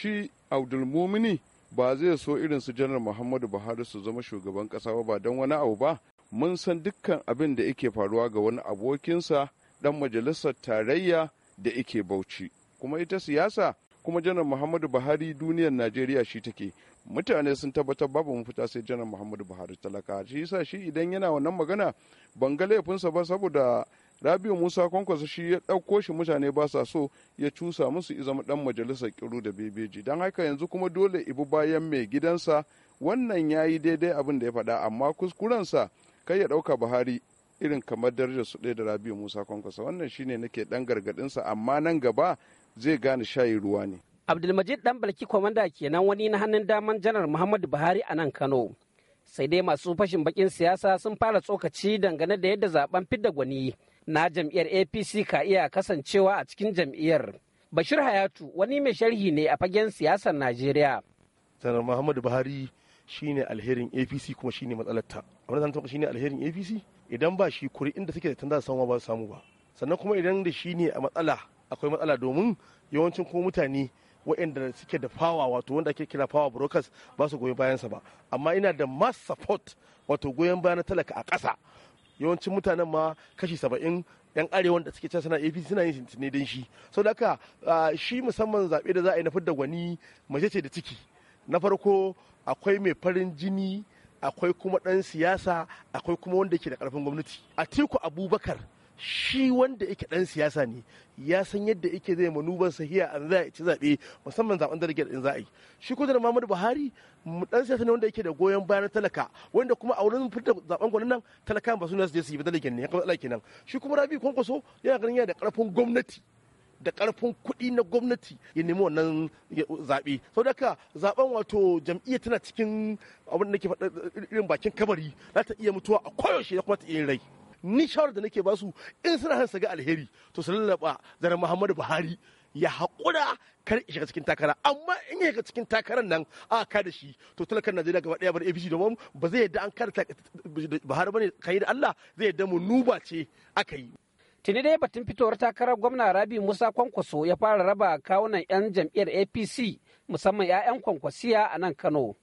shi abdulmumini ba zai so irin su janar muhammadu buhari su zama shugaban kasa ba don wani abu ba mun san dukkan abin da yake faruwa ga wani abokinsa dan majalisar tarayya da ike bauchi kuma ita siyasa kuma janar muhammadu buhari duniyar najeriya shi take mutane sun tabbatar babu mafita sai janar muhammadu buhari talaka shi yasa shi idan yana wannan magana ban ga laifinsa ba saboda rabiu musa kwankwasa shi ya ɗauko shi mutane ba sa so ya cusa musu izama dan majalisar kiru da bebeji don haka yanzu kuma dole ibu bayan mai gidansa wannan ya yi daidai abin da ya faɗa amma kuskurensa kai ya ɗauka buhari irin kamar darajar su ɗaya da rabiu musa kwankwasa wannan shine nake ɗan gargaɗinsa amma nan gaba zai gane shayi ruwa ne abdulmajid dan balki kwamanda kenan wani na hannun daman janar muhammadu buhari a nan kano sai dai masu fashin bakin siyasa sun fara tsokaci dangane da yadda zaben fidda gwani na jam'iyyar apc ka iya kasancewa a cikin jam'iyyar bashir hayatu wani mai sharhi ne a fagen siyasar najeriya sanar muhammadu buhari shine alherin apc kuma shine matsalarta abin zan shine alherin apc idan ba shi kuri inda suke da tanda samu ba su samu ba sannan kuma idan da shi ne a matsala akwai matsala domin yawancin kuma mutane waɗanda suke da fawa wato wanda ake kira fawa brokers ba su goyi bayansa ba amma ina da mass support wato goyon bayan talaka a ƙasa yawancin mutanen ma kashi saba'in yan arewa da suke can suna apc suna yin ne don shi sau da haka shi musamman zaɓe da za a yi na fidda gwani mace ce da ciki na farko akwai mai farin jini akwai kuma ɗan siyasa akwai kuma wanda ke da ƙarfin gwamnati atiku abubakar shi wanda yake dan siyasa ne ya san yadda yake zai manuban sahiya an za a ci zaɓe musamman zaɓen darajar in za a yi shi ko da Muhammadu Buhari dan siyasa ne wanda yake da goyon bayan talaka wanda kuma a wurin fitar zaɓen gwanin nan talaka ba su ne su yi ba ne ne kuma tsalaki nan shi kuma Rabi Kwankwaso yana ganin yana da karfin gwamnati da karfin kuɗi na gwamnati ya nemi wannan zaɓe sau da haka zaɓen wato jam'iyyar tana cikin abin da ke faɗa irin bakin kabari za ta iya mutuwa a koyaushe da kuma ta iya rai ni da nake basu in suna son su ga alheri to su lallaba zanen muhammadu buhari ya haƙura kar shiga cikin takara amma in ya shiga cikin takarar nan a ka da shi to talakar najeriya gaba ɗaya bar abc domin ba zai yadda an kare buhari bane kai da allah zai yadda mu nuba ce aka yi tuni dai batun fitowar takarar gwamna rabi musa kwankwaso ya fara raba kawunan 'yan jam'iyyar apc musamman 'ya'yan kwankwasiya a nan kano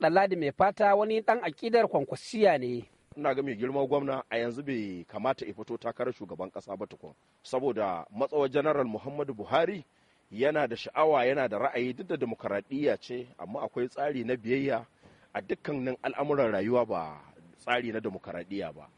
ɗan mai fata wani ɗan aƙidar kwankwasiya ne ina ga mai girma gwamna a yanzu bai kamata ya fito takarar shugaban kasa ba tukun saboda matsawar janaral muhammadu buhari yana da sha'awa yana da ra'ayi duk da demokaradiyya ce amma akwai tsari na biyayya a dukkanin al'amuran rayuwa ba tsari na demokaradiyya ba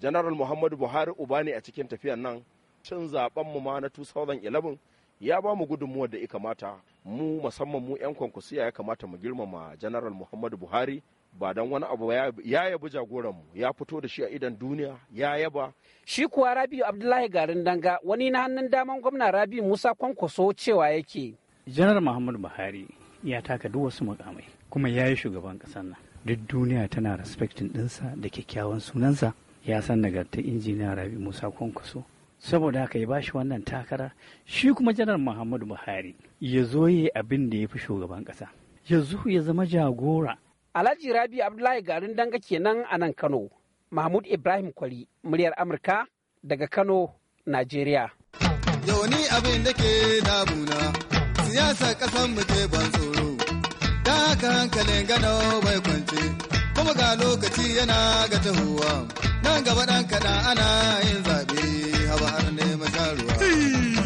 janaral muhammadu buhari uba ne a cikin tafiyar nan cin zaben mu ma na 2011 ya ba mu gudunmuwar da ya kamata mu musamman mu 'yan kwankwasiya ya kamata mu girmama janaral muhammadu buhari ba don wani abu ya yabi jagoranmu ya fito da shi a idan duniya ya yaba. Shi kuwa Rabiu Abdullahi Garin Danga wani na hannun daman gwamna rabi Musa Kwankwaso cewa yake. Janar Muhammadu Buhari ya taka duk wasu mukamai kuma ya yi shugaban ƙasar nan. Duk duniya tana respectin ɗinsa da kyakkyawan sunansa ya san nagarta injiniya Rabiu Musa Kwankwaso. Saboda haka ya bashi wannan takara shi kuma janar Muhammadu Buhari ya zo yi abin da ya fi shugaban ƙasa. Ya zo ya zama jagora Alhaji Rabi Abdullahi garin danga kenan a nan Kano. Mahmud Ibrahim Kwari, muryar Amurka daga Kano, Najeriya. Yawani abin da ke damuna, siyasa kasan mu ke ban tsoro. Da haka hankalin gano bai kwance, kuma ga lokaci yana ga tahowa. Nan gaba ɗan kaɗa ana yin zaɓe, haba har ne ruwa.